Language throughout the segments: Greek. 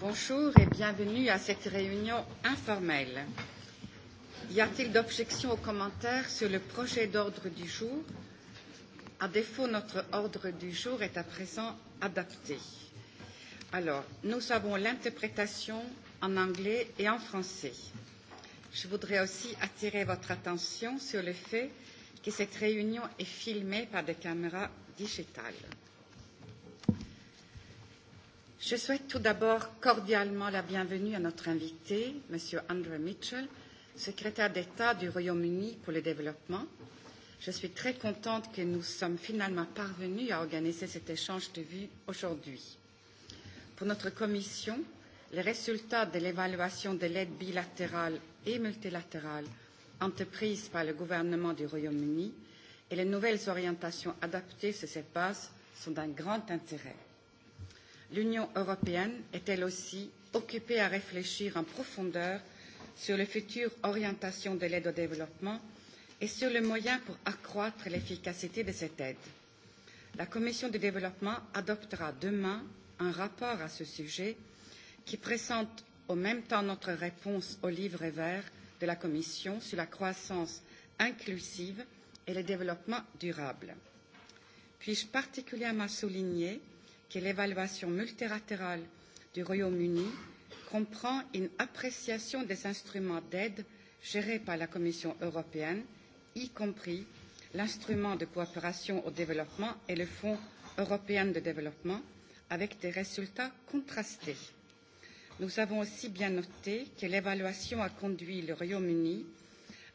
Bonjour et bienvenue à cette réunion informelle. Y a-t-il d'objections aux commentaires sur le projet d'ordre du jour À défaut, notre ordre du jour est à présent adapté. Alors, nous avons l'interprétation en anglais et en français. Je voudrais aussi attirer votre attention sur le fait que cette réunion est filmée par des caméras digitales. Je souhaite tout d'abord cordialement la bienvenue à notre invité, M. Andrew Mitchell, secrétaire d'État du Royaume-Uni pour le développement. Je suis très contente que nous sommes finalement parvenus à organiser cet échange de vues aujourd'hui. Pour notre commission, les résultats de l'évaluation de l'aide bilatérale et multilatérale entreprise par le gouvernement du Royaume-Uni et les nouvelles orientations adaptées sur cette base sont d'un grand intérêt l'Union européenne est elle aussi occupée à réfléchir en profondeur sur les futures orientations de l'aide au développement et sur les moyens pour accroître l'efficacité de cette aide. La Commission du développement adoptera demain un rapport à ce sujet qui présente en même temps notre réponse au livre vert de la Commission sur la croissance inclusive et le développement durable. Puis-je particulièrement souligner que l'évaluation multilatérale du Royaume-Uni comprend une appréciation des instruments d'aide gérés par la Commission européenne, y compris l'instrument de coopération au développement et le Fonds européen de développement, avec des résultats contrastés. Nous avons aussi bien noté que l'évaluation a conduit le Royaume-Uni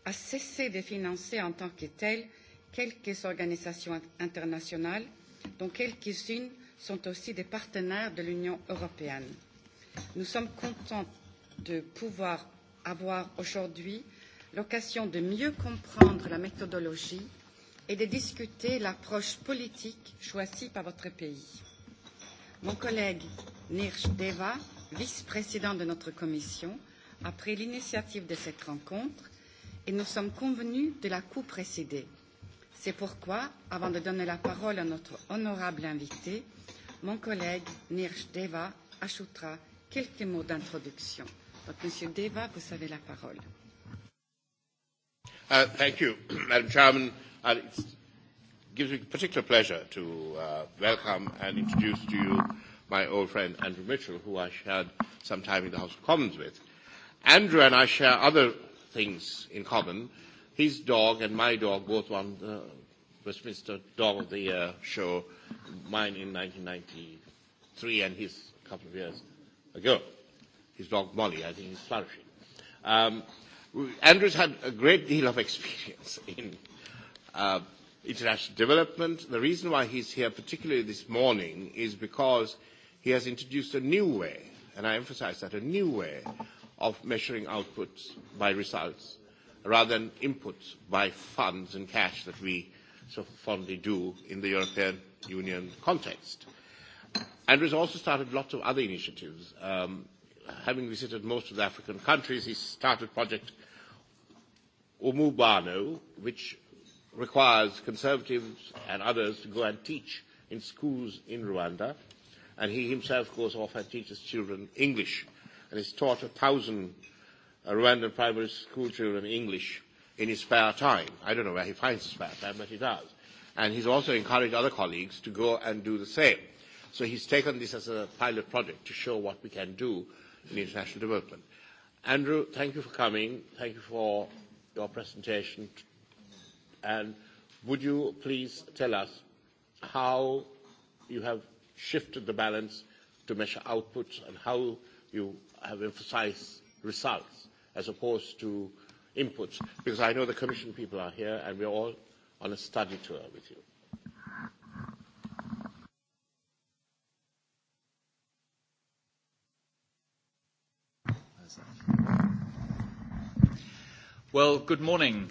à cesser de financer en tant que tel quelques organisations internationales, dont quelques-unes sont aussi des partenaires de l'Union européenne. Nous sommes contents de pouvoir avoir aujourd'hui l'occasion de mieux comprendre la méthodologie et de discuter l'approche politique choisie par votre pays. Mon collègue Nirsch Deva, vice-président de notre commission, a pris l'initiative de cette rencontre et nous sommes convenus de la co précédée. C'est pourquoi, avant de donner la parole à notre honorable invité, mon collègue Nirj Deva ajoutera quelques mots d'introduction. Donc, Monsieur Deva, vous avez la parole. Uh, thank you, Madam Chairman. it gives me particular pleasure to uh, welcome and introduce to you my old friend Andrew Mitchell, who I shared some time in the House of Commons with. Andrew and I share other things in common. His dog and my dog both won the Westminster Mr. of the year show, mine in 1993 and his a couple of years ago. His dog Molly, I think is flourishing. Um, Andrews had a great deal of experience in international development. The reason why he's here, particularly this morning, is because he has introduced a new way, and I emphasize that, a new way of measuring outputs by results rather than inputs by funds and cash that we so fondly do in the European Union context. And has also started lots of other initiatives. Having visited most of the African countries, he started Project Umubano, which requires conservatives and others to go and teach in schools in Rwanda. And he himself goes off and teaches children English. And has taught a thousand Rwandan primary school children English in his spare time. I don't know where he finds his spare time, but he does. And he's also encouraged other colleagues to go and do the same. So he's taken this as a pilot project to show what we can do in international development. Andrew, thank you for coming. Thank you for your presentation. And would you please tell us how you have shifted the balance to measure outputs and how you have emphasized results as opposed to inputs, because I know the Commission people are here and we are all on a study tour with you. Well, good morning,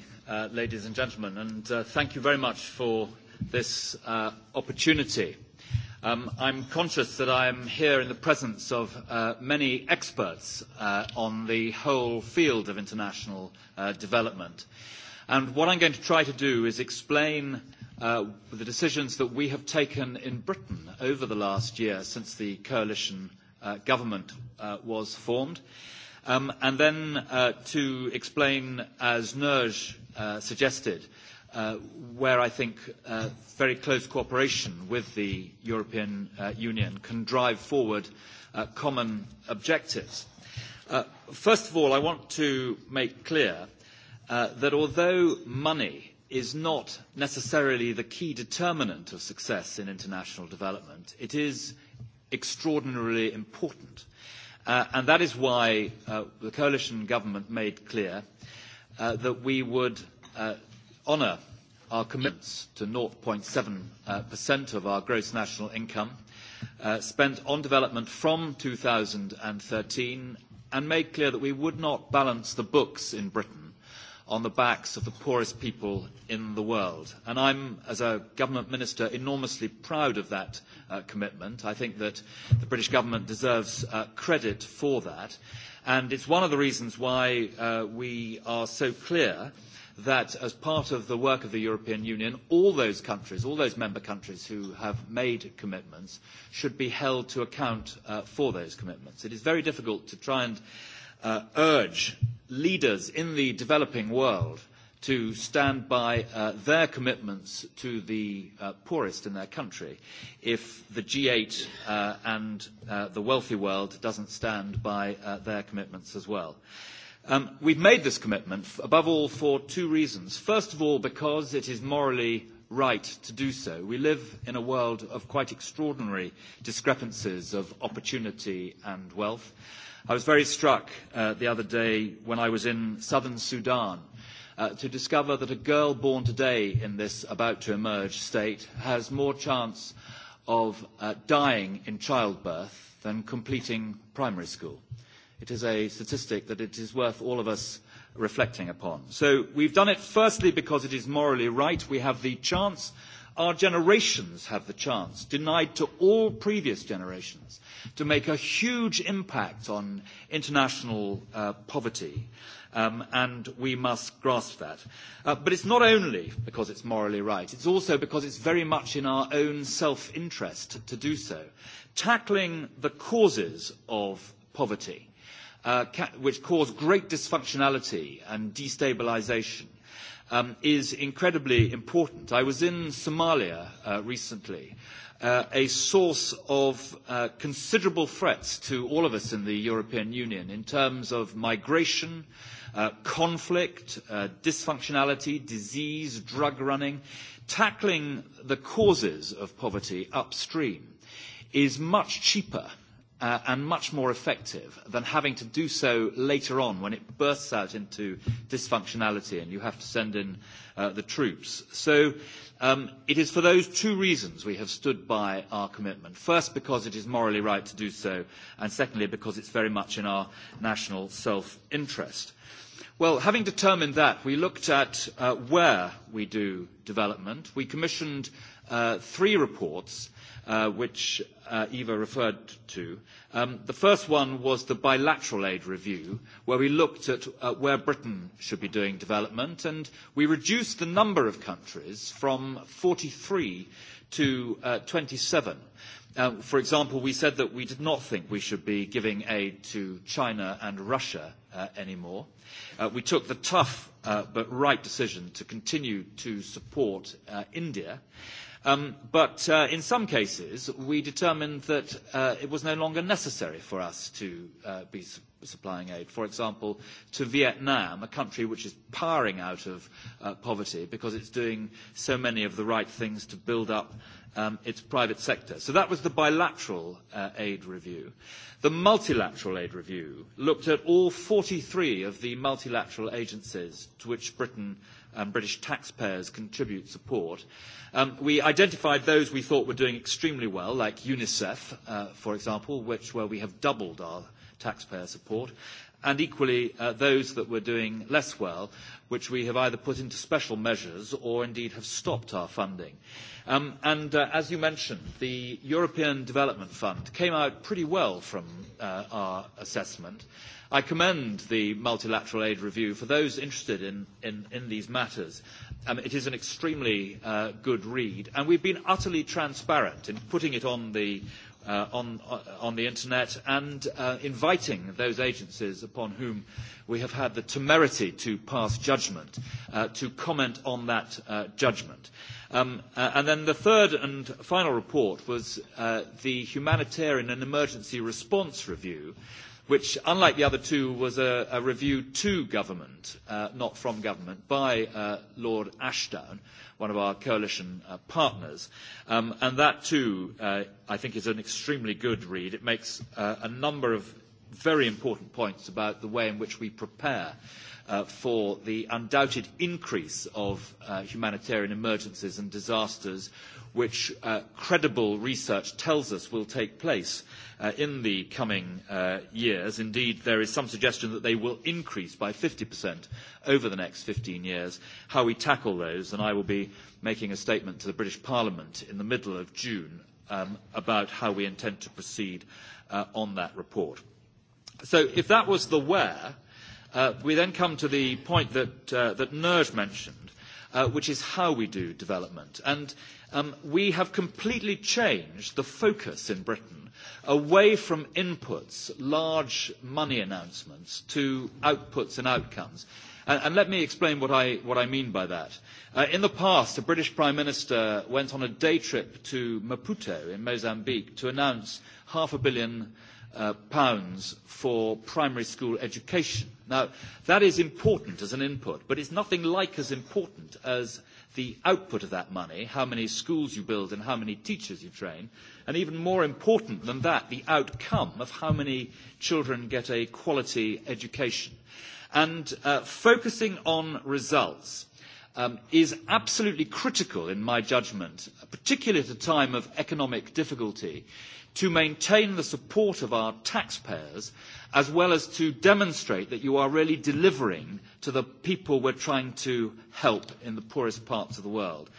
ladies and gentlemen, and thank you very much for this opportunity I'm conscious that I am here in the presence of many experts on the whole field of international development. And what I'm going to try to do is explain the decisions that we have taken in Britain over the last year since the coalition government was formed, and then to explain, as Nerj suggested, where I think very close cooperation with the European Union can drive forward common objectives. First of all, I want to make clear that although money is not necessarily the key determinant of success in international development, it is extraordinarily important. And that is why the coalition government made clear that we would honour our commitments to 0.7% of our gross national income spent on development from 2013 and made clear that we would not balance the books in Britain on the backs of the poorest people in the world. And I'm, as a government minister, enormously proud of that commitment. I think that the British government deserves credit for that. And it's one of the reasons why we are so clear that as part of the work of the European Union, all those countries, all those member countries who have made commitments should be held to account for those commitments. It is very difficult to try and urge leaders in the developing world to stand by their commitments to the poorest in their country if the G8 and the wealthy world doesn't stand by their commitments as well. We've made this commitment, above all, for two reasons. First of all, because it is morally right to do so. We live in a world of quite extraordinary discrepancies of opportunity and wealth. I was very struck the other day when I was in southern Sudan to discover that a girl born today in this about-to-emerge state has more chance of dying in childbirth than completing primary school. It is a statistic that it is worth all of us reflecting upon. So we've done it firstly because it is morally right. We have the chance, our generations have the chance, denied to all previous generations, to make a huge impact on international poverty and we must grasp that. But it's not only because it's morally right, it's also because it's very much in our own self-interest to do so. Tackling the causes of poverty which cause great dysfunctionality and destabilisation is incredibly important. I was in Somalia recently, a source of considerable threats to all of us in the European Union in terms of migration, conflict, dysfunctionality, disease, drug running. Tackling the causes of poverty upstream is much cheaper and much more effective than having to do so later on when it bursts out into dysfunctionality and you have to send in the troops. So it is for those two reasons we have stood by our commitment. First, because it is morally right to do so, and secondly, because it's very much in our national self-interest. Well, having determined that, we looked at where we do development. We commissioned three reports which Eva referred to. The first one was the bilateral aid review, where we looked at where Britain should be doing development, and we reduced the number of countries from 43 to 27. For example, we said that we did not think we should be giving aid to China and Russia anymore. We took the tough but right decision to continue to support India. But in some cases, we determined that it was no longer necessary for us to be supplying aid. For example, to Vietnam, a country which is powering out of poverty because it's doing so many of the right things to build up its private sector. So that was the bilateral aid review. The multilateral aid review looked at all 43 of the multilateral agencies to which Britain and British taxpayers contribute support. We identified those we thought were doing extremely well, like UNICEF, for example, which where we have doubled our taxpayer support, and equally those that were doing less well, which we have either put into special measures or indeed have stopped our funding. And as you mentioned, the European Development Fund came out pretty well from our assessment. I commend the multilateral aid review for those interested in these matters. It is an extremely good read, and we've been utterly transparent in putting it on the on the internet and inviting those agencies upon whom we have had the temerity to pass judgment to comment on that judgment. And then the third and final report was the Humanitarian and Emergency Response Review which, unlike the other two, was a review to government, not from government, by Lord Ashdown, one of our coalition partners. And that, too, I think is an extremely good read. It makes a number of very important points about the way in which we prepare for the undoubted increase of humanitarian emergencies and disasters which credible research tells us will take place in the coming years. Indeed, there is some suggestion that they will increase by 50% over the next 15 years. How we tackle those, and I will be making a statement to the British Parliament in the middle of June about how we intend to proceed on that report. So if that was the where, we then come to the point that Nerj mentioned, which is how we do development. And we have completely changed the focus in Britain away from inputs, large money announcements, to outputs and outcomes. And let me explain what I what I mean by that. In the past, a British Prime Minister went on a day trip to Maputo in Mozambique to announce half a billion pounds for primary school education. Now, that is important as an input, but it's nothing like as important as the output of that money, how many schools you build and how many teachers you train, and even more important than that, the outcome of how many children get a quality education. And focusing on results is absolutely critical, in my judgment, particularly at a time of economic difficulty to maintain the support of our taxpayers as well as to demonstrate that you are really delivering to the people we're trying to help in the poorest parts of the world.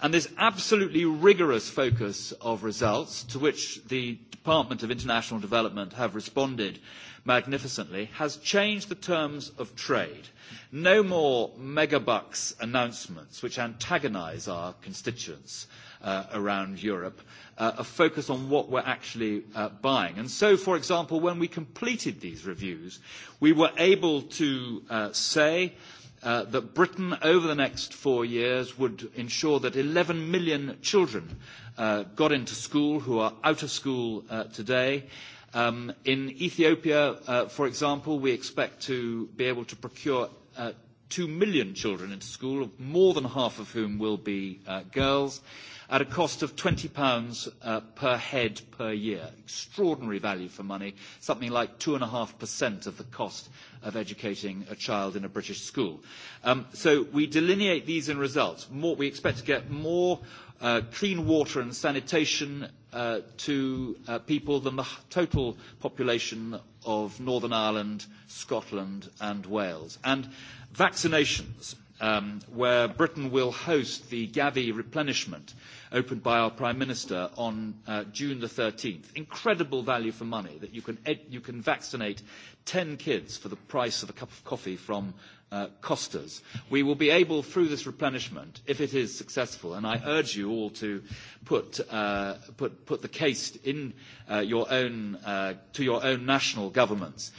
And this absolutely rigorous focus of results to which the Department of International Development have responded magnificently has changed the terms of trade. No more megabucks announcements which antagonise our constituents around Europe, a focus on what we're actually buying. And so, for example, when we completed these reviews, we were able to say that Britain, over the next four years, would ensure that 11 million children got into school who are out of school today. In Ethiopia, for example, we expect to be able to procure 2 million children into school, more than half of whom will be girls at a cost of 20 per head per year. Extraordinary value for money, something like 2.5% of the cost of educating a child in a British school. So we delineate these in results. We expect to get more clean water and sanitation to people than the total population of Northern Ireland, Scotland and Wales. And vaccinations where Britain will host the Gavi replenishment opened by our Prime Minister on June the 13th. Incredible value for money that you can vaccinate 10 kids for the price of a cup of coffee from cost us. We will be able, through this replenishment, if it is successful, and I urge you all to put the case to your own national governments,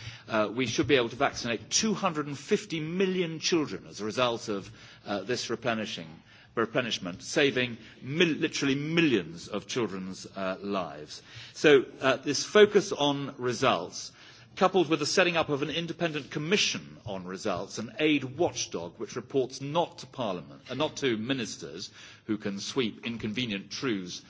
we should be able to vaccinate 250 million children as a result of this replenishment, saving literally millions of children's lives. So this focus on results coupled with the setting up of an independent commission on results, an aid watchdog which reports not to Parliament, and not to ministers who can sweep inconvenient truths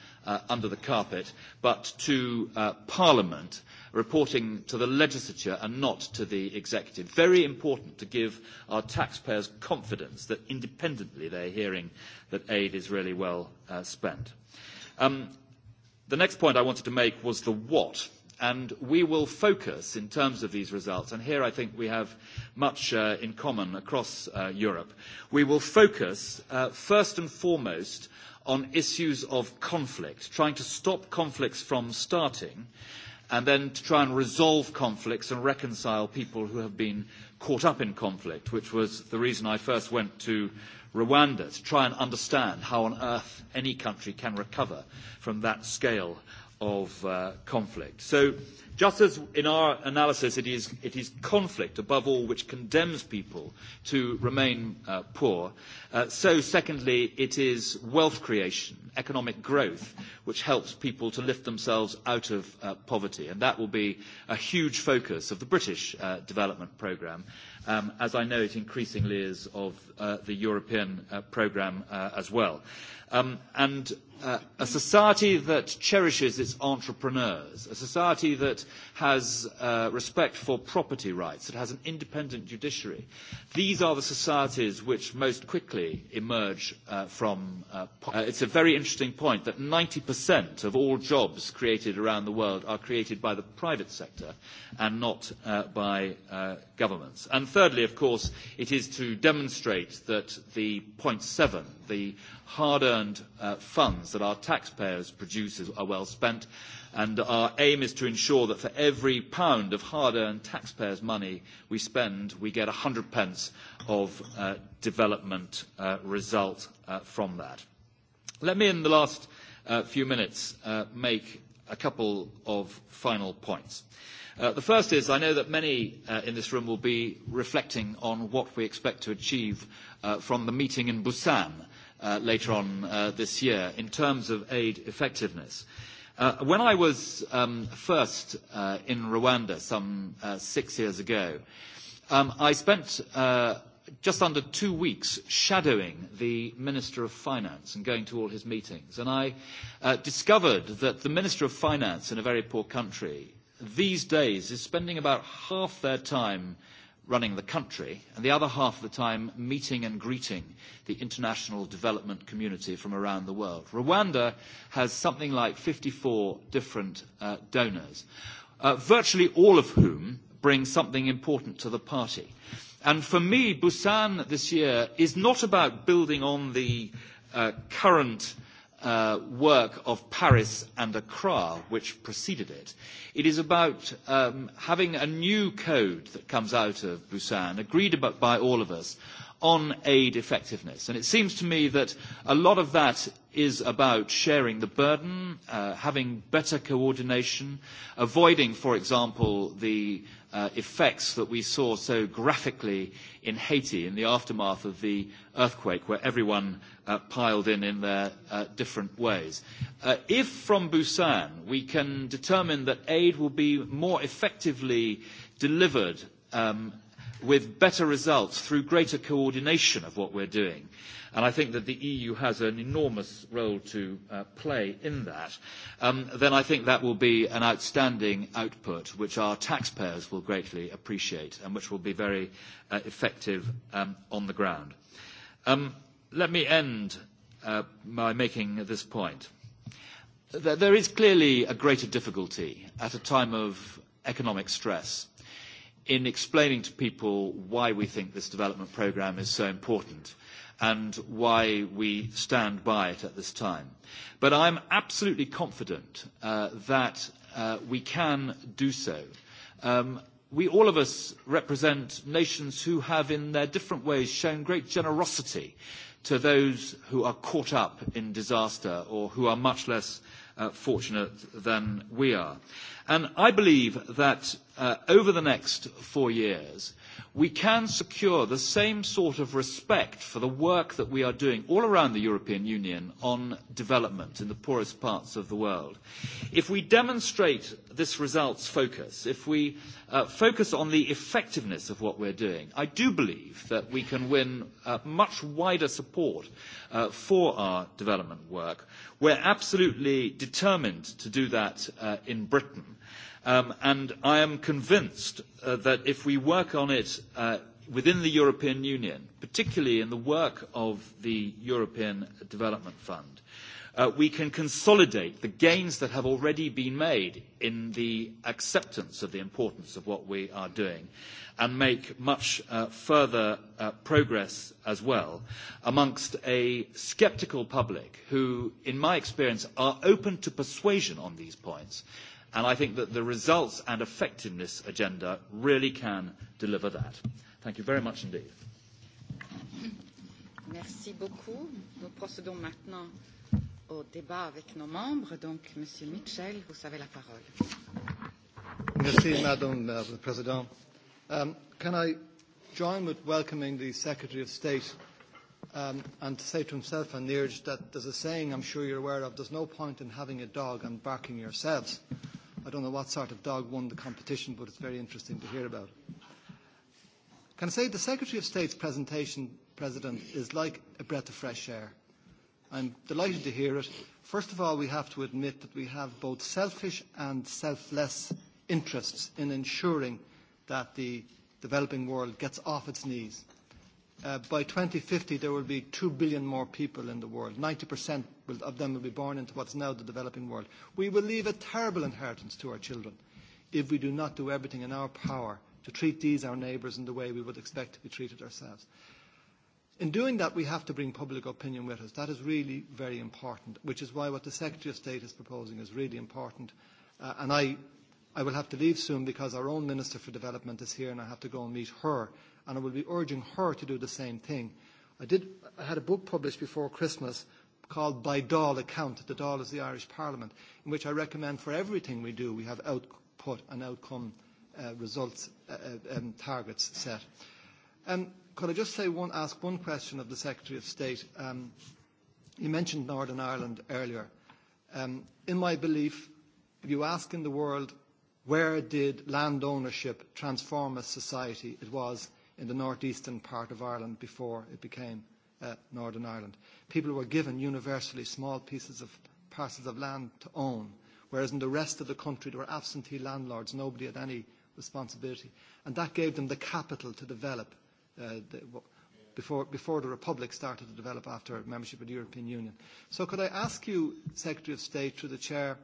under the carpet, but to Parliament, reporting to the legislature and not to the executive. Very important to give our taxpayers confidence that independently they are hearing that aid is really well spent. The next point I wanted to make was the what and we will focus in terms of these results and here i think we have much in common across europe we will focus first and foremost on issues of conflict trying to stop conflicts from starting and then to try and resolve conflicts and reconcile people who have been caught up in conflict which was the reason i first went to Rwanda to try and understand how on earth any country can recover from that scale of conflict. So Just as in our analysis it is conflict above all which condemns people to remain poor, so secondly it is wealth creation, economic growth, which helps people to lift themselves out of poverty. And that will be a huge focus of the British development programme, as I know it increasingly is of the European programme as well. And a society that cherishes its entrepreneurs, a society that has respect for property rights, it has an independent judiciary. These are the societies which most quickly emerge from. It's a very interesting point that 90% of all jobs created around the world are created by the private sector and not by governments. And thirdly, of course, it is to demonstrate that the 0.7, the hard-earned funds that our taxpayers produce are well spent and our aim is to ensure that for every pound of hard-earned taxpayers' money we spend, we get 100 pence of development result from that. Let me, in the last few minutes, make a couple of final points. The first is, I know that many in this room will be reflecting on what we expect to achieve from the meeting in Busan later on this year in terms of aid effectiveness. When I was first in Rwanda some six years ago, I spent just under two weeks shadowing the Minister of Finance and going to all his meetings. And I discovered that the Minister of Finance in a very poor country these days is spending about half their time running the country, and the other half of the time meeting and greeting the international development community from around the world. Rwanda has something like 54 different donors, virtually all of whom bring something important to the party. And for me, Busan this year is not about building on the current work of Paris and Accra, which preceded it. It is about having a new code that comes out of Busan, agreed by all of us, on aid effectiveness. And it seems to me that a lot of that is about sharing the burden, having better coordination, avoiding, for example, the effects that we saw so graphically in Haiti in the aftermath of the earthquake, where everyone piled in in their different ways. If from Busan we can determine that aid will be more effectively delivered with better results through greater coordination of what we're doing. And I think that the EU has an enormous role to play in that. Then I think that will be an outstanding output, which our taxpayers will greatly appreciate and which will be very effective on the ground. Let me end by making this point. There is clearly a greater difficulty at a time of economic stress in explaining to people why we think this development programme is so important and why we stand by it at this time. But am absolutely confident that we can do so. We all of us represent nations who have in their different ways shown great generosity to those who are caught up in disaster or who are much less fortunate than we are. And I believe that over the next four years, we can secure the same sort of respect for the work that we are doing all around the European Union on development in the poorest parts of the world. If we demonstrate this results focus, if we focus on the effectiveness of what we are doing, I do believe that we can win much wider support for our development work. We are absolutely determined to do that in Britain And I am convinced that if we work on it within the European Union, particularly in the work of the European Development Fund, we can consolidate the gains that have already been made in the acceptance of the importance of what we are doing and make much further progress as well amongst a sceptical public who, in my experience, are open to persuasion on these points and I think that the results and effectiveness agenda really can deliver that. Thank you very much indeed. Merci beaucoup. Nous procédons maintenant au débat avec nos membres. Donc, Monsieur Mitchell, vous avez la parole. Merci, Madame la can I join with welcoming the Secretary of State and to say to himself and Neerj that there's a saying I'm sure you're aware of, there's no point in having a dog and barking yourselves. I don't know what sort of dog won the competition, but it's very interesting to hear about. Can I say the Secretary of State's presentation, President, is like a breath of fresh air. I'm delighted to hear it. First of all, we have to admit that we have both selfish and selfless interests in ensuring that the developing world gets off its knees by 2050 there will be 2 billion more people in the world. 90% of them will be born into what's now the developing world. We will leave a terrible inheritance to our children if we do not do everything in our power to treat these, our neighbours, in the way we would expect to be treated ourselves. In doing that, we have to bring public opinion with us. That is really very important, which is why what the Secretary of State is proposing is really important. And I will have to leave soon because our own Minister for Development is here and I have to go and meet her and I will be urging her to do the same thing. I had a book published before Christmas called By Doll Account, the doll is the Irish Parliament, in which I recommend for everything we do we have output and outcome results targets set. Could I just say one, ask one question of the Secretary of State? You mentioned Northern Ireland earlier. In my belief, if you ask in the world where did land ownership transform a society, it was in the northeastern part of Ireland before it became Northern Ireland. People were given universally small pieces of parcels of land to own, whereas in the rest of the country there were absentee landlords, nobody had any responsibility. And that gave them the capital to develop before, before the Republic started to develop after membership of the European Union. So could I ask you, Secretary of State, through the Chair,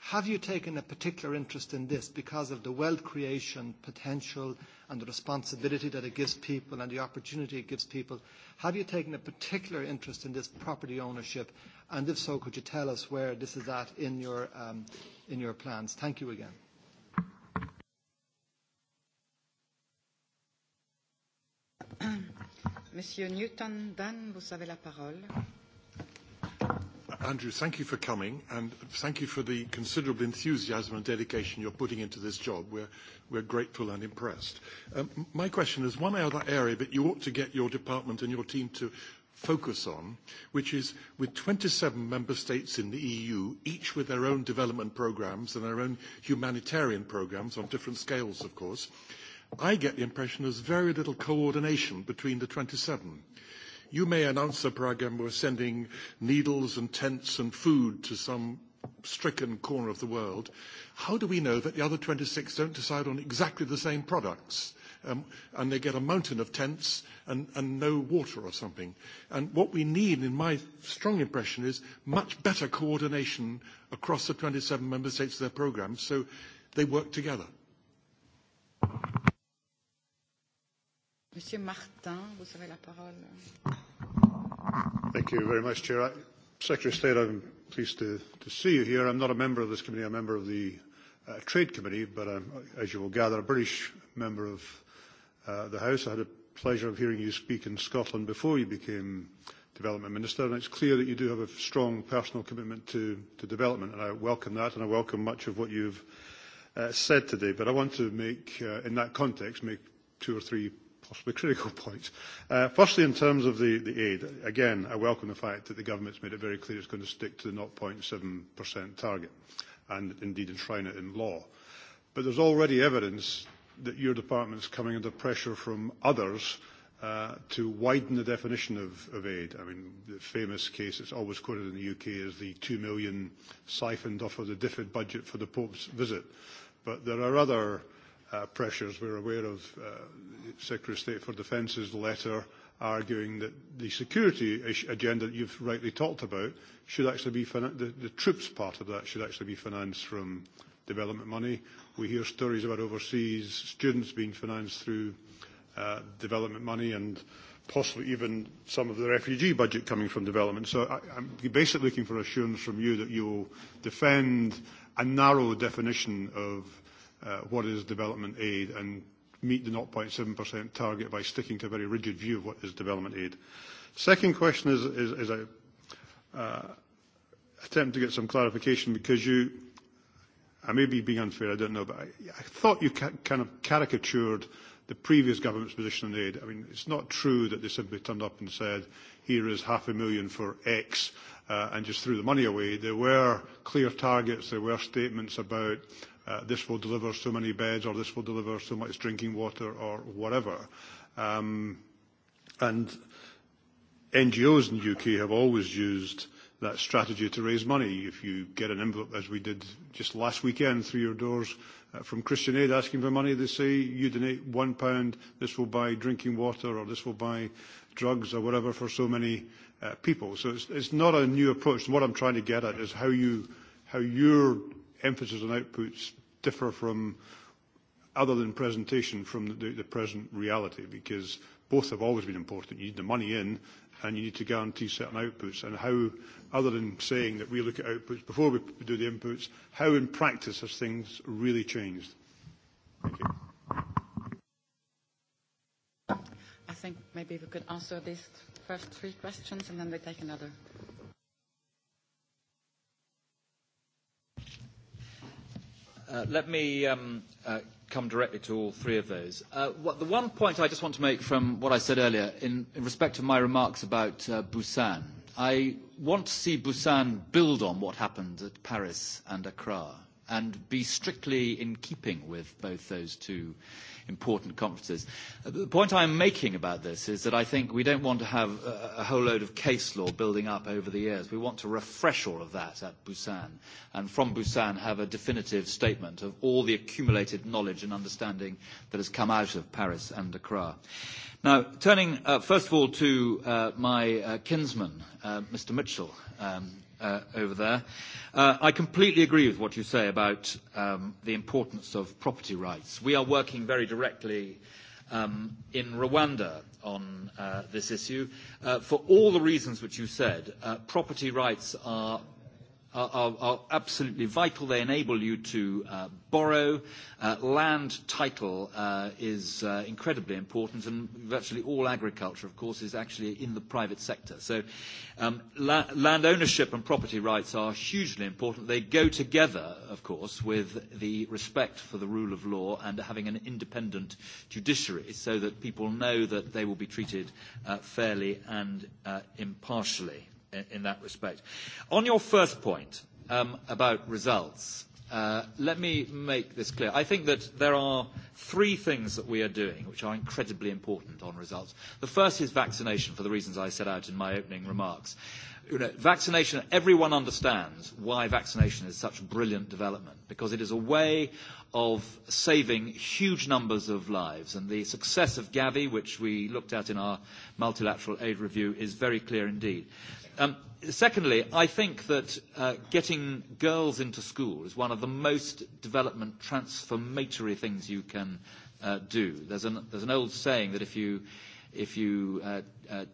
Have you taken a particular interest in this because of the wealth creation potential and the responsibility that it gives people and the opportunity it gives people? Have you taken a particular interest in this property ownership? And if so, could you tell us where this is at in your in your plans? Thank you again. Monsieur Newton, Dan, vous avez la parole. Andrew, thank you for coming, and thank you for the considerable enthusiasm and dedication you're putting into this job. We're, we're grateful and impressed. my question is one other area that you ought to get your department and your team to focus on, which is with 27 member states in the EU, each with their own development programs and their own humanitarian programs on different scales, of course, I get the impression there's very little coordination between the 27 you may announce a programme we're sending needles and tents and food to some stricken corner of the world. How do we know that the other 26 don't decide on exactly the same products? and they get a mountain of tents and, and no water or something. And what we need, in my strong impression, is much better coordination across the 27 member states of their programs so they work together. Monsieur Martin, vous avez la parole. Thank you very much, Chair. Secretary of State, I'm pleased to, to see you here. I'm not a member of this committee. I'm a member of the Trade Committee, but I'm, as you will gather, a British member of the House. I had the pleasure of hearing you speak in Scotland before you became Development Minister, and it's clear that you do have a strong personal commitment to, to development, and I welcome that, and I welcome much of what you've uh, said today. But I want to make, uh, in that context, make two or three possibly critical points. Firstly, in terms of the aid, again, I welcome the fact that the government's made it very clear it's going to stick to the 0.7% target and indeed enshrine it in law. But there's already evidence that your department's coming under pressure from others to widen the definition of aid. I mean, the famous case that's always quoted in the UK is the 2 million siphoned off of the DFID budget for the Pope's visit. But there are other pressures. We're aware of the Secretary of State for Defence's letter arguing that the security agenda that you've rightly talked about should actually be the troops part of that should actually be financed from development money. We hear stories about overseas students being financed through development money and possibly even some of the refugee budget coming from development. So I'm basically looking for assurance from you that you'll defend a narrow definition of what is development aid and meet the 0.7% target by sticking to a very rigid view of what is development aid. Second question is, is, a attempt to get some clarification because you, I may be being unfair, I don't know, but I, thought you kind of caricatured the previous government's position on aid. I mean, it's not true that they simply turned up and said, here is half a million for X, and just threw the money away. There were clear targets, there were statements about this will deliver so many beds or this will deliver so much drinking water or whatever. And NGOs in the UK have always used that strategy to raise money. If you get an envelope, as we did just last weekend through your doors from Christian Aid asking for money, they say you donate one pound, this will buy drinking water or this will buy drugs or whatever for so many people. So it's not a new approach. What I'm trying to get at is how you, how your emphasis on outputs differ from, other than presentation, from the present reality, because both have always been important. You need the money in, and you need to guarantee certain outputs. And how, other than saying that we look at outputs before we do the inputs, how in practice has things really changed? Thank you. I think maybe we could answer these first three questions, and then we take another Let me come directly to all three of those. The one point I just want to make from what I said earlier in respect of my remarks about Busan, I want to see Busan build on what happened at Paris and Accra and be strictly in keeping with both those two important conferences. The point I am making about this is that I think we don't want to have a whole load of case law building up over the years. We want to refresh all of that at Busan, and from Busan have a definitive statement of all the accumulated knowledge and understanding that has come out of Paris and Accra. Now, turning first of all to my kinsman, Mr. Mitchell, over there. I completely agree with what you say about the importance of property rights. We are working very directly in Rwanda on this issue. For all the reasons which you said, property rights are are absolutely vital. They enable you to borrow. Land title is incredibly important, and virtually all agriculture, of course, is actually in the private sector. So land ownership and property rights are hugely important. They go together, of course, with the respect for the rule of law and having an independent judiciary so that people know that they will be treated fairly and impartially in that respect. On your first point about results, let me make this clear. I think that there are three things that we are doing which are incredibly important on results. The first is vaccination, for the reasons I set out in my opening remarks. Vaccination, everyone understands why vaccination is such a brilliant development, because it is a way of saving huge numbers of lives. And the success of Gavi, which we looked at in our multilateral aid review, is very clear indeed. Secondly, I think that getting girls into school is one of the most development transformatory things you can do. There's an old saying that if you if you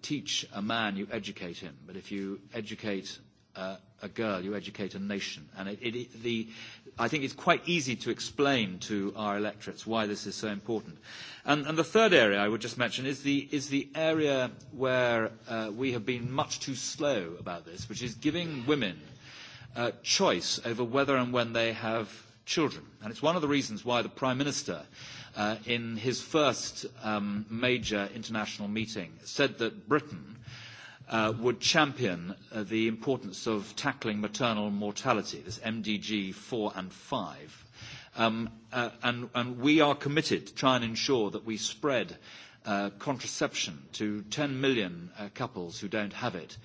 teach a man, you educate him, but if you educate a girl, you educate a nation. And the I think it's quite easy to explain to our electorates why this is so important. And the third area I would just mention is the is the area where we have been much too slow about this, which is giving women choice over whether and when they have children. And it's one of the reasons why the Prime Minister, in his first major international meeting, said that Britain would champion the importance of tackling maternal mortality, this MDG 4 and 5. And we are committed to try and ensure that we spread contraception to 10 million couples who don't have it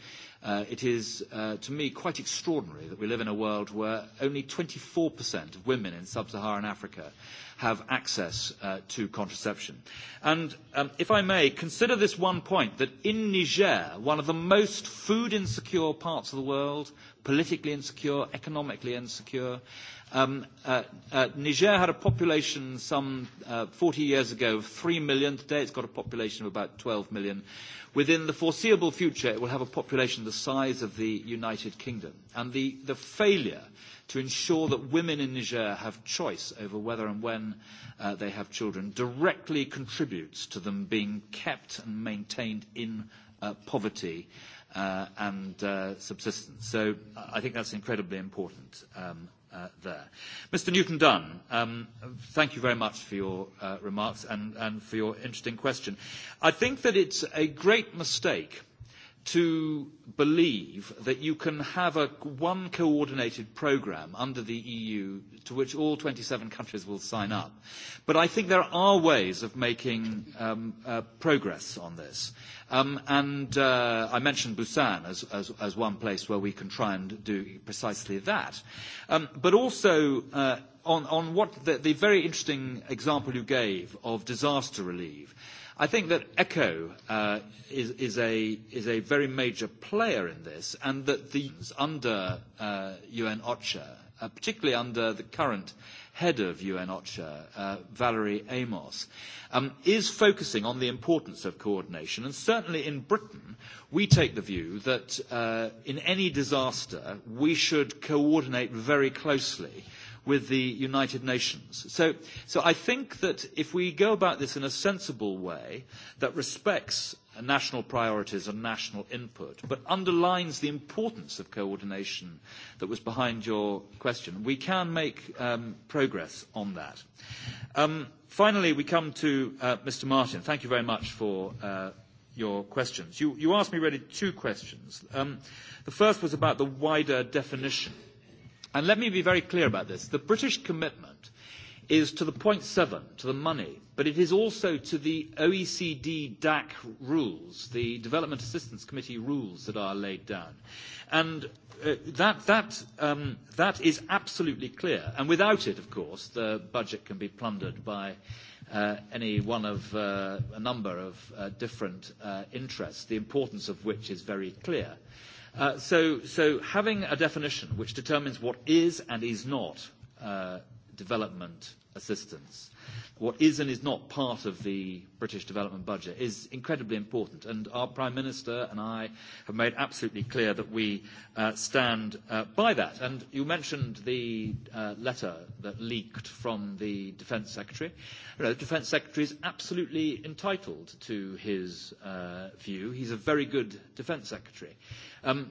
It is, to me, quite extraordinary that we live in a world where only twenty 24% of women in sub-Saharan Africa have access to contraception. And if I may, consider this one point, that in Niger, one of the most food-insecure parts of the world, politically insecure, economically insecure, Niger had a population some 40 years ago of 3 million. Today it's got a population of about 12 million. Within the foreseeable future, it will have a population the size of the United Kingdom. And the failure to ensure that women in Niger have choice over whether and when they have children directly contributes to them being kept and maintained in poverty and subsistence. So I think that's incredibly important there. Mr. Newton-Dunn, thank you very much for your remarks and for your interesting question. I think that it's a great mistake to believe that you can have one coordinated programme under the EU to which all 27 countries will sign up. But I think there are ways of making progress on this. And I mentioned Busan as one place where we can try and do precisely that. But also on what the very interesting example you gave of disaster relief. I think that ECHO is a very major player in this, and that the under UN OCHA, particularly under the current head of UN OCHA, Valerie Amos, is focusing on the importance of coordination. And certainly in Britain, we take the view that in any disaster, we should coordinate very closely with the United Nations. So I think that if we go about this in a sensible way that respects national priorities and national input, but underlines the importance of coordination that was behind your question, we can make progress on that. Finally, we come to Mr. Martin. Thank you very much for your questions. You asked me really two questions. The first was about the wider definition And let me be very clear about this. The British commitment is to the 0.7, to the money, but it is also to the OECD DAC rules, the Development Assistance Committee rules that are laid down. And that is absolutely clear. And without it, of course, the budget can be plundered by any one of a number of different interests, the importance of which is very clear. So so having a definition which determines what is and is not development assistance what is and is not part of the British development budget is incredibly important. And our Prime Minister and I have made absolutely clear that we stand by that. And you mentioned the letter that leaked from the Defence Secretary. The Defence Secretary is absolutely entitled to his view. He's a very good Defence Secretary.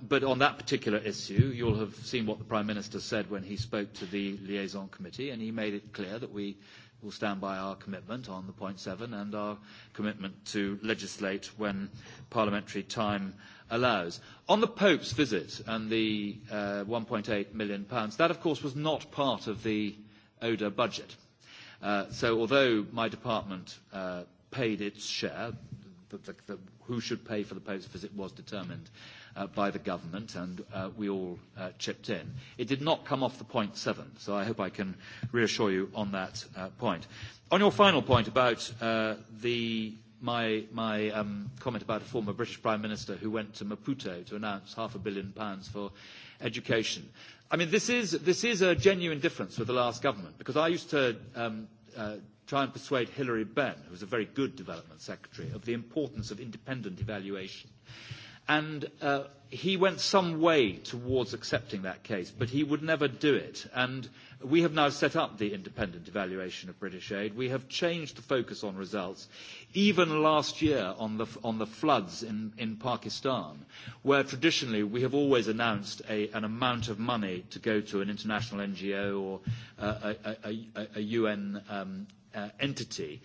But on that particular issue, you'll have seen what the Prime Minister said when he spoke to the Liaison Committee, and he made it clear that we will stand by our commitment on the point seven and our commitment to legislate when parliamentary time allows. On the Pope's visit and the 1.8 million pounds, that of course was not part of the ODA budget. So although my department paid its share, the who should pay for the Pope's visit was determined by the government, and we all chipped in. It did not come off the 0.7, so I hope I can reassure you on that point. On your final point about the my comment about a former British Prime Minister who went to Maputo to announce half a billion pounds for education. I mean, this is a genuine difference with the last government, because I used to try and persuade Hilary Benn, who was a very good development secretary, of the importance of independent evaluation and he went some way towards accepting that case but he would never do it and we have now set up the independent evaluation of british aid we have changed the focus on results even last year on the on the floods in in pakistan where traditionally we have always announced an amount of money to go to an international ngo or a un entity,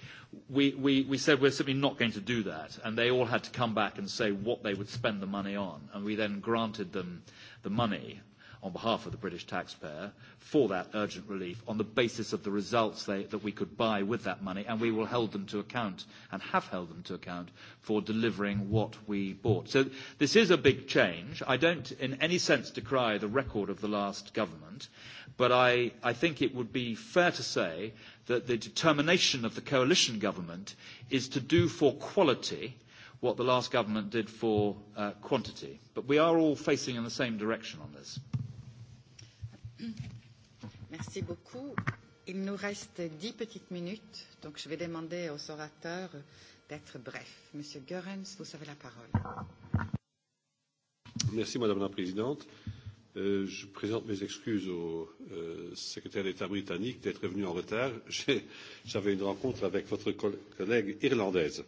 we said we're simply not going to do that. And they all had to come back and say what they would spend the money on. And we then granted them the money on behalf of the British taxpayer for that urgent relief on the basis of the results that we could buy with that money. And we will hold them to account and have held them to account for delivering what we bought. So this is a big change. I don't in any sense decry the record of the last government, but I think it would be fair to say that the determination of the coalition government is to do for quality what the last government did for quantity. But we are all facing in the same direction on this. Merci beaucoup. Il nous reste dix petites minutes, donc je vais demander aux orateurs d'être brefs. Monsieur Goerens, vous avez la parole. Merci, Madame la Présidente. Je présente mes excuses au secrétaire d'État britannique d'être venu en retard. J'avais une rencontre avec votre collègue irlandaise.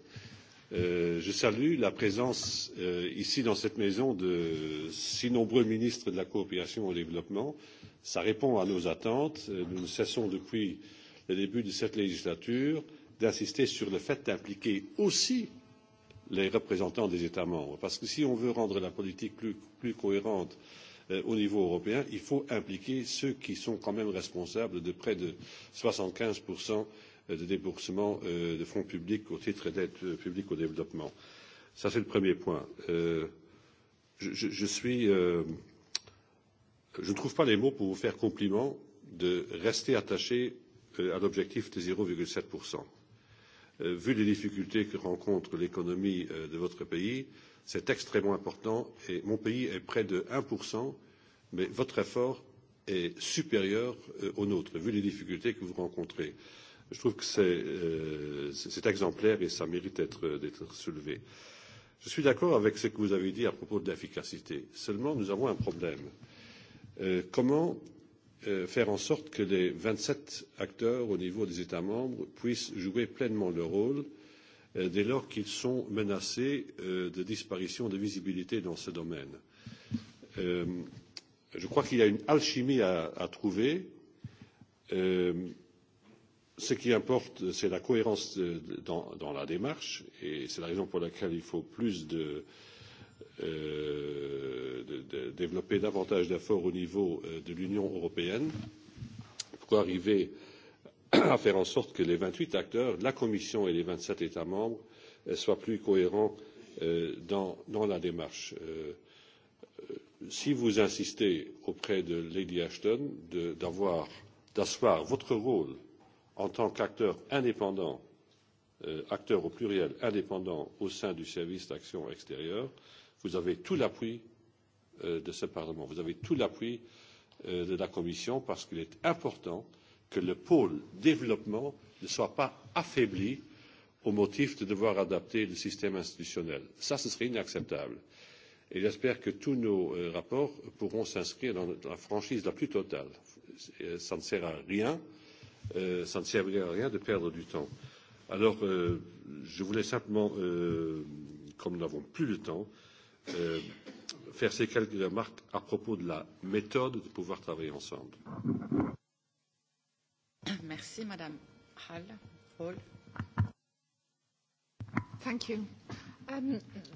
Je salue la présence ici dans cette maison de si nombreux ministres de la coopération au développement. Ça répond à nos attentes. Nous ne cessons depuis le début de cette législature d'insister sur le fait d'impliquer aussi les représentants des États membres. Parce que si on veut rendre la politique plus cohérente, au niveau européen, il faut impliquer ceux qui sont quand même responsables de près de 75 de déboursement de fonds publics au titre d'aide publique au développement. Ça, c'est le premier point. Je suis. Je ne trouve pas les mots pour vous faire compliment de rester attaché à l'objectif de 0,7%. Vu les difficultés que rencontre l'économie de votre pays, C'est extrêmement important et mon pays est près de 1%, mais votre effort est supérieur au nôtre, vu les difficultés que vous rencontrez. Je trouve que c'est exemplaire et ça mérite d'être soulevé. Je suis d'accord avec ce que vous avez dit à propos de l'efficacité. Seulement, nous avons un problème. Comment faire en sorte que les 27 acteurs au niveau des États membres puissent jouer pleinement leur rôle dès lors qu'ils sont menacés de disparition de visibilité dans ce domaine. Je crois qu'il y a une alchimie à trouver. Ce qui importe, c'est la cohérence dans la démarche et c'est la raison pour laquelle il faut plus de développer davantage d'efforts au niveau de l'Union européenne pour arriver à faire en sorte que les vingt huit acteurs la commission et les vingt sept états membres soient plus cohérents dans la démarche. si vous insistez auprès de lady ashton d'asseoir votre rôle en tant qu'acteur indépendant acteur au pluriel indépendant au sein du service d'action extérieure vous avez tout l'appui de ce parlement vous avez tout l'appui de la commission parce qu'il est important que le pôle développement ne soit pas affaibli au motif de devoir adapter le système institutionnel. Ça, ce serait inacceptable. Et j'espère que tous nos rapports pourront s'inscrire dans la franchise la plus totale. Ça ne sert à rien, ça ne servirait à rien de perdre du temps. Alors, je voulais simplement, comme nous n'avons plus le temps, faire ces quelques remarques à propos de la méthode de pouvoir travailler ensemble. Merci, Madame Hall. Thank you.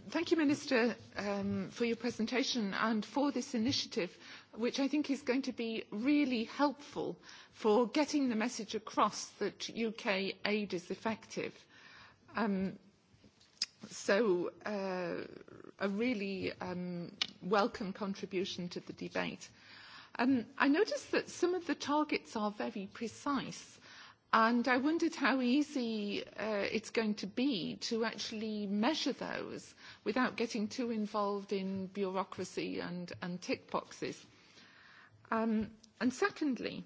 Thank you, Minister, for your presentation and for this initiative, which I think is going to be really helpful for getting the message across that UK aid is effective. So a really welcome contribution to the debate. I noticed that some of the targets are very precise, and I wondered how easy it's going to be to actually measure those without getting too involved in bureaucracy and tick boxes. And secondly,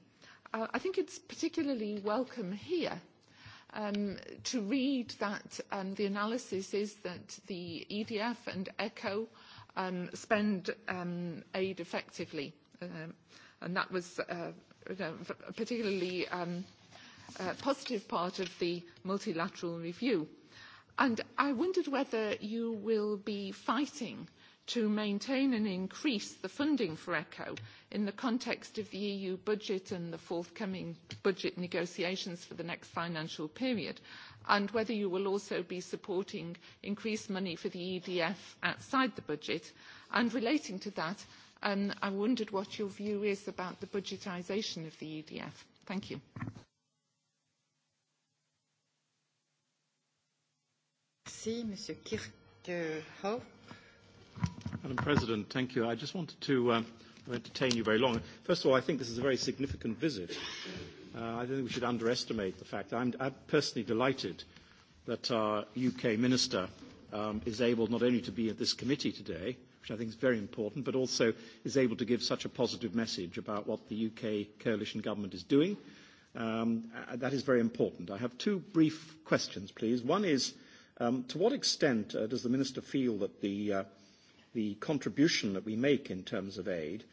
I think it's particularly welcome here to read that the analysis is that the EDF and ECHO spend aid effectively and that was a particularly positive part of the multilateral review. And I wondered whether you will be fighting to maintain and increase the funding for ECHO in the context of the EU budget and the forthcoming budget negotiations for the next financial period, and whether you will also be supporting increased money for the EDF outside the budget. And relating to that, and I wondered what your view is about the budgetisation of the EDF. Thank you. Madam President, thank you. I just wanted to entertain you very long. First of all, I think this is a very significant visit. I don't think we should underestimate the fact. I'm personally delighted that our UK Minister is able not only to be at this committee today, which I think is very important, but also is able to give such a positive message about what the UK coalition government is doing. That is very important. I have two brief questions, please. One is, to what extent does the Minister feel that the contribution that we make in terms of aid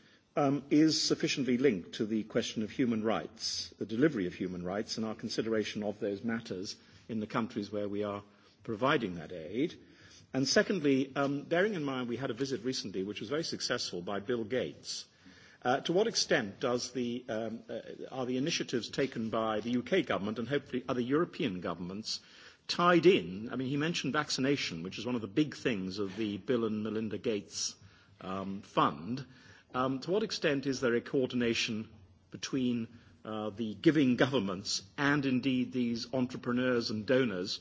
is sufficiently linked to the question of human rights, the delivery of human rights, and our consideration of those matters in the countries where we are providing that aid? And secondly, bearing in mind we had a visit recently which was very successful by Bill Gates, to what extent does the, are the initiatives taken by the UK government and hopefully other European governments tied in? I mean, he mentioned vaccination, which is one of the big things of the Bill and Melinda Gates fund. To what extent is there a coordination between the giving governments and indeed these entrepreneurs and donors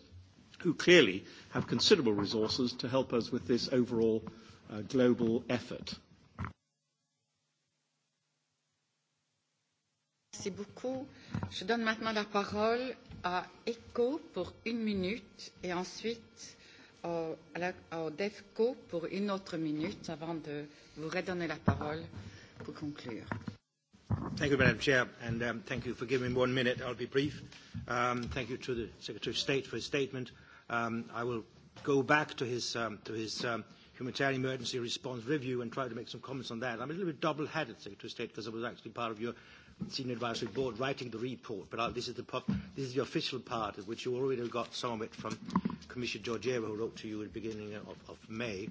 who clearly have considerable resources to help us with this overall global effort. Merci beaucoup. Je donne maintenant la parole à ECO pour une minute et ensuite au DEFCO pour une autre minute avant de vous redonner la parole pour conclure. Thank you, Madam Chair, and thank you for giving me one minute. I'll be brief. Thank you to the Secretary of State for his statement. I will go back to his to his humanitarian emergency response review and try to make some comments on that. I'm a little bit double-headed, Secretary of State, because I was actually part of your senior advisory board writing the report, but this is the this is the official part, of which you already got some of it from Commissioner Georgieva, who wrote to you at the beginning of May.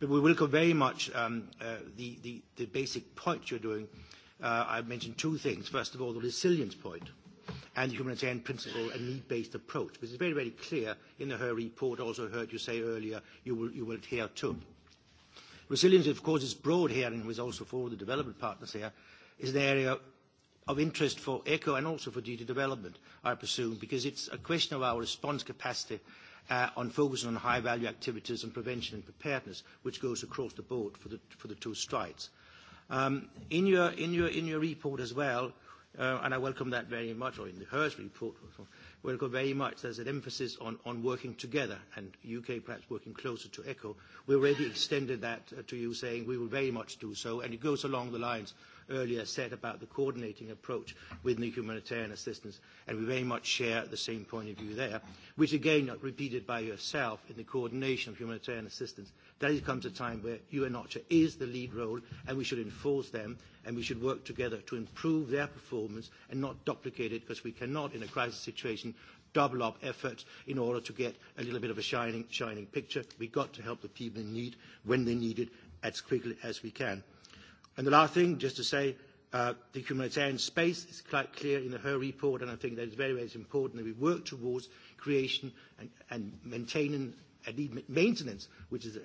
But we welcome very much the the the basic point you're doing. I mentioned two things. First of all, the resilience point and the humanitarian principle and need-based approach, which is very, very clear in the HER report, also heard you say earlier, you will, you will adhere to. Resilience, of course, is broad here and was also for the development partners here, is an area of interest for ECHO and also for DG Development, I presume, because it's a question of our response capacity on focusing on high-value activities and prevention and preparedness, which goes across the board for the two strides. In your report as well, and I welcome that very much, or in the HERS report, welcome very much. There's an emphasis on, on working together, and UK perhaps working closer to ECHO. We already extended that to you, saying we will very much do so, and it goes along the lines earlier said about the coordinating approach with the humanitarian assistance, and we very much share the same point of view there, which again, not repeated by yourself in the coordination of humanitarian assistance, that comes a time where UNOCHA is the lead role, and we should enforce them, and we should work together to improve their performance and not duplicate it, because we cannot, in a crisis situation, double up efforts in order to get a little bit of a shining, shining picture. We've got to help the people in need when they need it as quickly as we can. And the last thing, just to say, the humanitarian space is quite clear in her report, and I think that is very, very important that we work towards creation and maintaining, at least maintenance, which is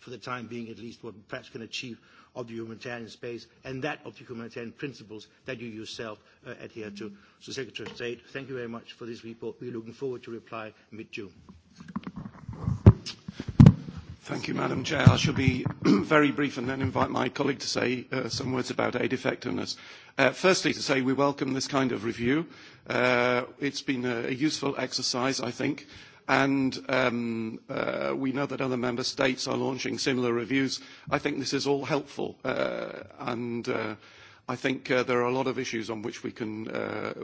for the time being at least what we perhaps can achieve of the humanitarian space and that of the humanitarian principles that you yourself adhere to. So, Secretary of State, thank you very much for this report. We are looking forward to reply mid-June. Thank you, Madam Chair. I shall be very brief and then invite my colleague to say some words about aid effectiveness. Firstly, to say we welcome this kind of review. It's been a useful exercise, I think, and we know that other member states are launching similar reviews. I think this is all helpful, and I think there are a lot of issues on which we can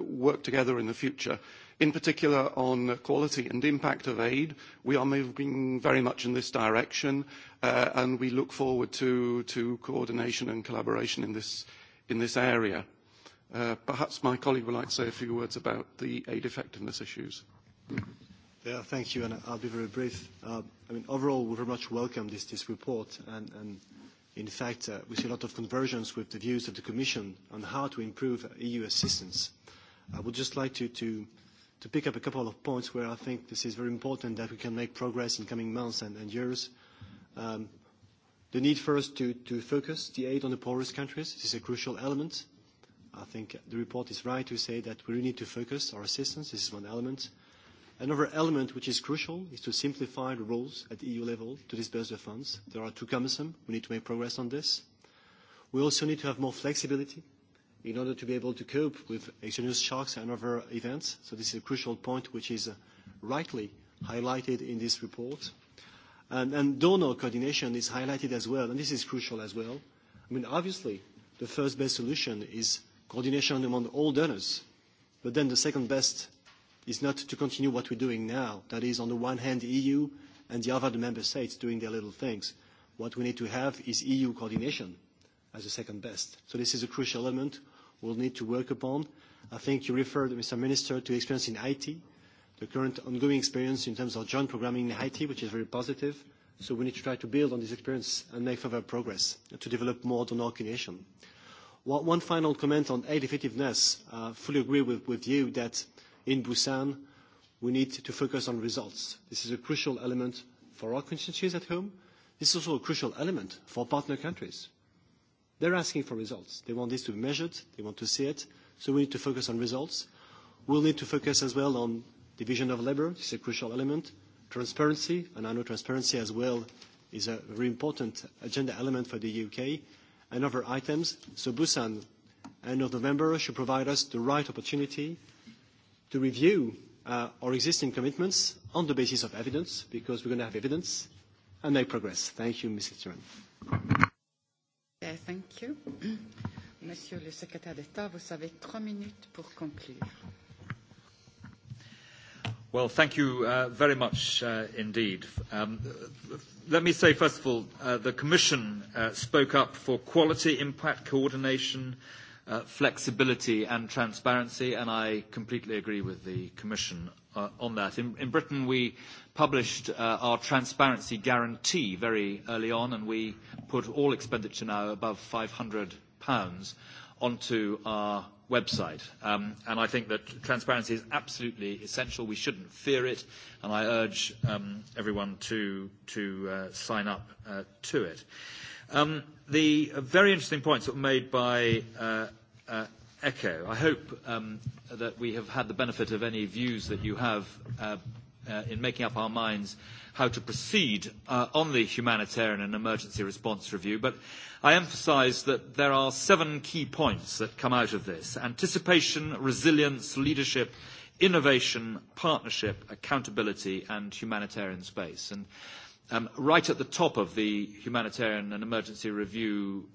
work together in the future In particular on quality and impact of aid, we are moving very much in this direction and we look forward to coordination and collaboration in this area. Perhaps my colleague would like to say a few words about the aid effectiveness issues. thank you, and I'll be very brief. I mean, overall, we very much welcome this report, and in fact, we see a lot of convergence with the views of the Commission on how to improve EU assistance. I would just like to to pick up a couple of points where I think this is very important that we can make progress in coming months and years. The need for us to focus the aid on the poorest countries. This is a crucial element. I think the report is right to say that we need to focus our assistance. This is one element. Another element which is crucial is to simplify the rules at EU level to disburse the funds. There are too cumbersome. We need to make progress on this. We also need to have more flexibility in order to be able to cope with exogenous shocks and other events. So this is a crucial point which is rightly highlighted in this report. And donor coordination is highlighted as well, and this is crucial as well. I mean, obviously, the first best solution is coordination among all donors, but then the second best is not to continue what we're doing now. That is, on the one hand, the EU and the other, the member states doing their little things. What we need to have is EU coordination as a second best. So this is a crucial element will need to work upon. I think you referred, Mr. Minister, to experience in IT, the current ongoing experience in terms of joint programming in IT, which is very positive. So we need to try to build on this experience and make further progress to develop more donor coordination. One final comment on aid effectiveness. I fully agree with you that in Busan, we need to focus on results. This is a crucial element for our constituencies at home. This is also a crucial element for partner countries. They're asking for results. They want this to be measured. They want to see it. So we need to focus on results. We'll need to focus as well on division of labor. it's a crucial element. Transparency, and I know transparency as well is a very important agenda element for the UK, and other items. So Busan, end of November, should provide us the right opportunity to review our existing commitments on the basis of evidence, because we're going to have evidence, and make progress. Thank you, Mr. Chairman. Thank you. Monsieur le secrétaire d'État, vous avez trois minutes pour conclure. Well, thank you very much indeed. Let me say, first of all, the Commission spoke up for quality, impact, coordination, flexibility and transparency, and I completely agree with the Commission on that. In Britain, we published our transparency guarantee very early on, and we put all expenditure now above 500 pounds onto our website. And I think that transparency is absolutely essential. We shouldn't fear it, and I urge everyone to sign up to it. The very interesting points that were made by echo. I hope that we have had the benefit of any views that you have in making up our minds how to proceed on the humanitarian and emergency response review, but I emphasize that there are seven key points that come out of this. Anticipation, resilience, leadership, innovation, partnership, accountability, and humanitarian space. And right at the top of the humanitarian and emergency review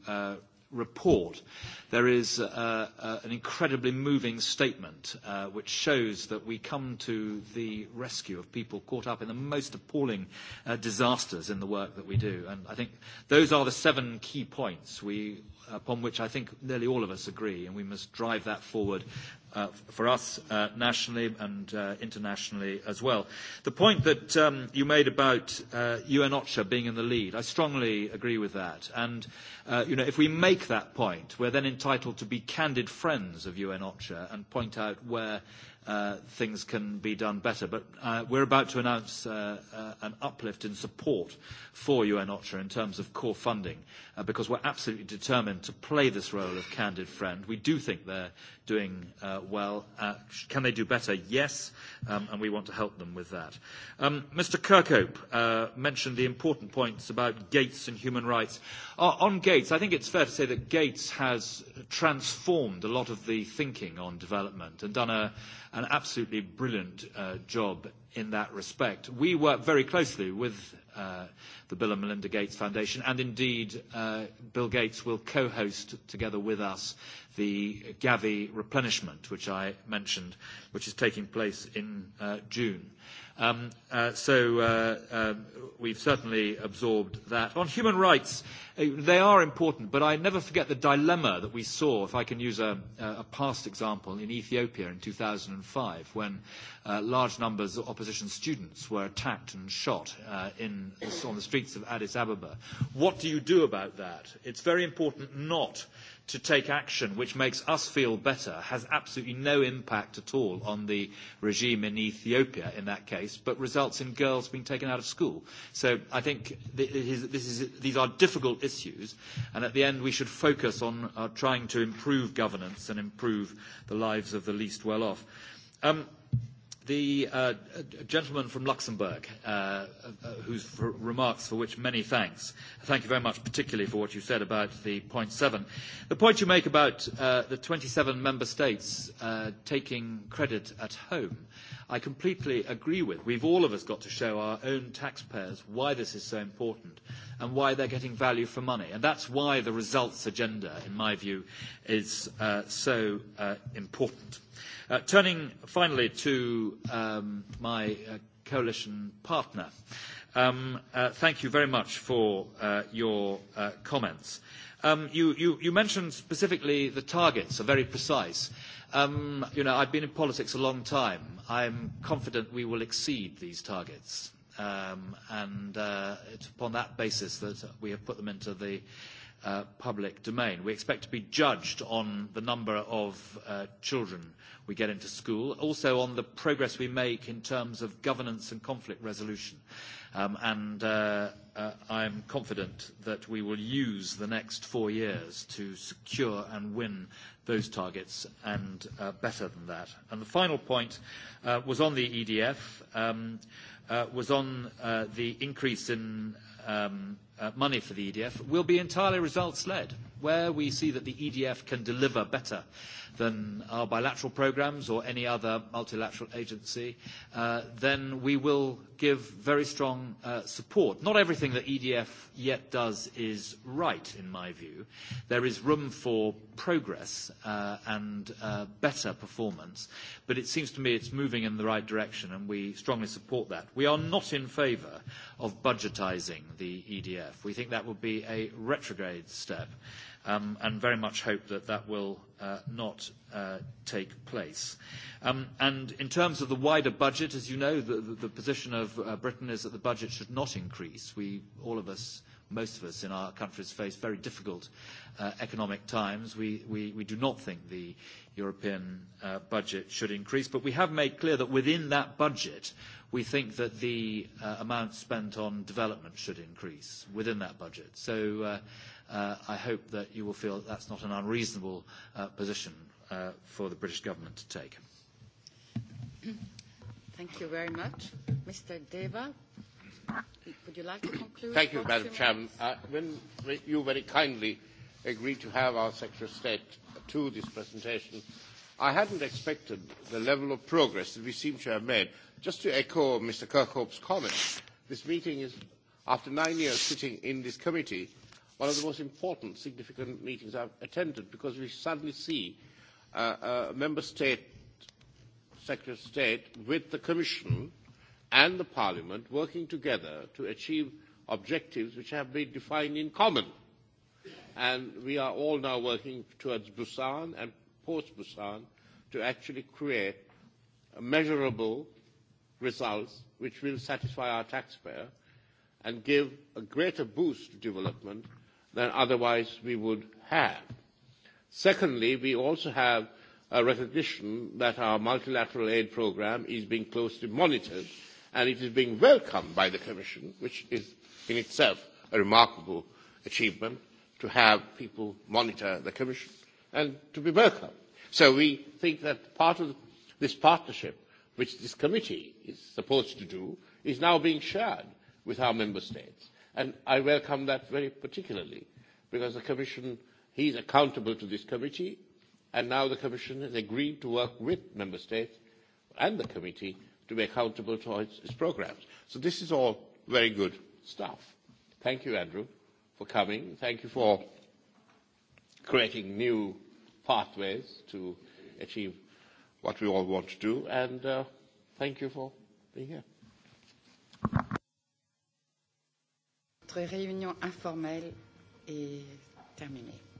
report, there is an incredibly moving statement which shows that we come to the rescue of people caught up in the most appalling disasters in the work that we do. And I think those are the seven key points we upon which I think nearly all of us agree, and we must drive that forward for us nationally and internationally as well. The point that you made about UN OCHA being in the lead, I strongly agree with that. And you know, if we make that point, we're then entitled to be candid friends of UN OCHA and point out where things can be done better. But we're about to announce an uplift in support for UN OCHA in terms of core funding because we're absolutely determined to play this role of candid friend. We do think they're doing well. Can they do better? Yes, and we want to help them with that. Mr. Kirkhope mentioned the important points about Gates and human rights. On Gates, I think it's fair to say that Gates has transformed a lot of the thinking on development and done an absolutely brilliant job in that respect. We work very closely with the Bill and Melinda Gates Foundation, and indeed Bill Gates will co-host together with us the Gavi replenishment, which I mentioned, which is taking place in June. So we've certainly absorbed that. On human rights, they are important, but I never forget the dilemma that we saw, if I can use a past example, in Ethiopia in 2005, when large numbers of opposition students were attacked and shot on the streets of Addis Ababa. What do you do about that? It's very important not to take action which makes us feel better has absolutely no impact at all on the regime in Ethiopia in that case, but results in girls being taken out of school. So I think these are difficult issues, and at the end we should focus on trying to improve governance and improve the lives of the least well-off. The gentleman from Luxembourg, whose remarks for which many thanks. Thank you very much, particularly for what you said about the point seven. The point you make about the 27 member states taking credit at home I completely agree with. We've all of us got to show our own taxpayers why this is so important and why they're getting value for money. And that's why the results agenda, in my view, is so important. Turning finally to my coalition partner, thank you very much for your comments. You mentioned specifically the targets are very precise. You know, I've been in politics a long time. I'm confident we will exceed these targets. And it's upon that basis that we have put them into the public domain. We expect to be judged on the number of children we get into school, also on the progress we make in terms of governance and conflict resolution. And I am confident that we will use the next four years to secure and win those targets and better than that. And the final point was on the EDF, was on the increase in money for the EDF will be entirely results-led, where we see that the EDF can deliver better than our bilateral programs or any other multilateral agency, then we will give very strong support. Not everything that EDF yet does is right, in my view. There is room for progress and better performance, but it seems to me it's moving in the right direction, and we strongly support that. We are not in favor of budgetizing the EDF We think that would be a retrograde step and very much hope that that will not take place. And in terms of the wider budget, as you know, the position of Britain is that the budget should not increase. We, all of us, most of us in our countries, face very difficult economic times. We do not think the European budget should increase, but we have made clear that within that budget, we think that the amount spent on development should increase within that budget. So I hope that you will feel that that's not an unreasonable position for the British government to take. Thank you very much. Mr. Deva, would you like to conclude? Thank you, Madam Chairman. When you very kindly agreed to have our Secretary of State to this presentation, I hadn't expected the level of progress that we seem to have made just to echo Mr. Kirkhope's comments, this meeting is, after nine years sitting in this committee, one of the most important, significant meetings I've attended because we suddenly see a member state, secretary of state, with the Commission and the Parliament working together to achieve objectives which have been defined in common. And we are all now working towards Busan and post-Busan to actually create measurable results which will satisfy our taxpayer and give a greater boost to development than otherwise we would have. Secondly, we also have a recognition that our multilateral aid programme is being closely monitored and it is being welcomed by the Commission, which is in itself a remarkable achievement to have people monitor the Commission and to be welcomed. So we think that part of this partnership which this committee is supposed to do, is now being shared with our member states. And I welcome that very particularly, because the Commission, he's is accountable to this committee, and now the Commission has agreed to work with member states and the committee to be accountable to its programs. So this is all very good stuff. Thank you, Andrew, for coming. Thank you for creating new pathways to achieve what we all want to do. And thank you for being here. Notre réunion informelle est terminée.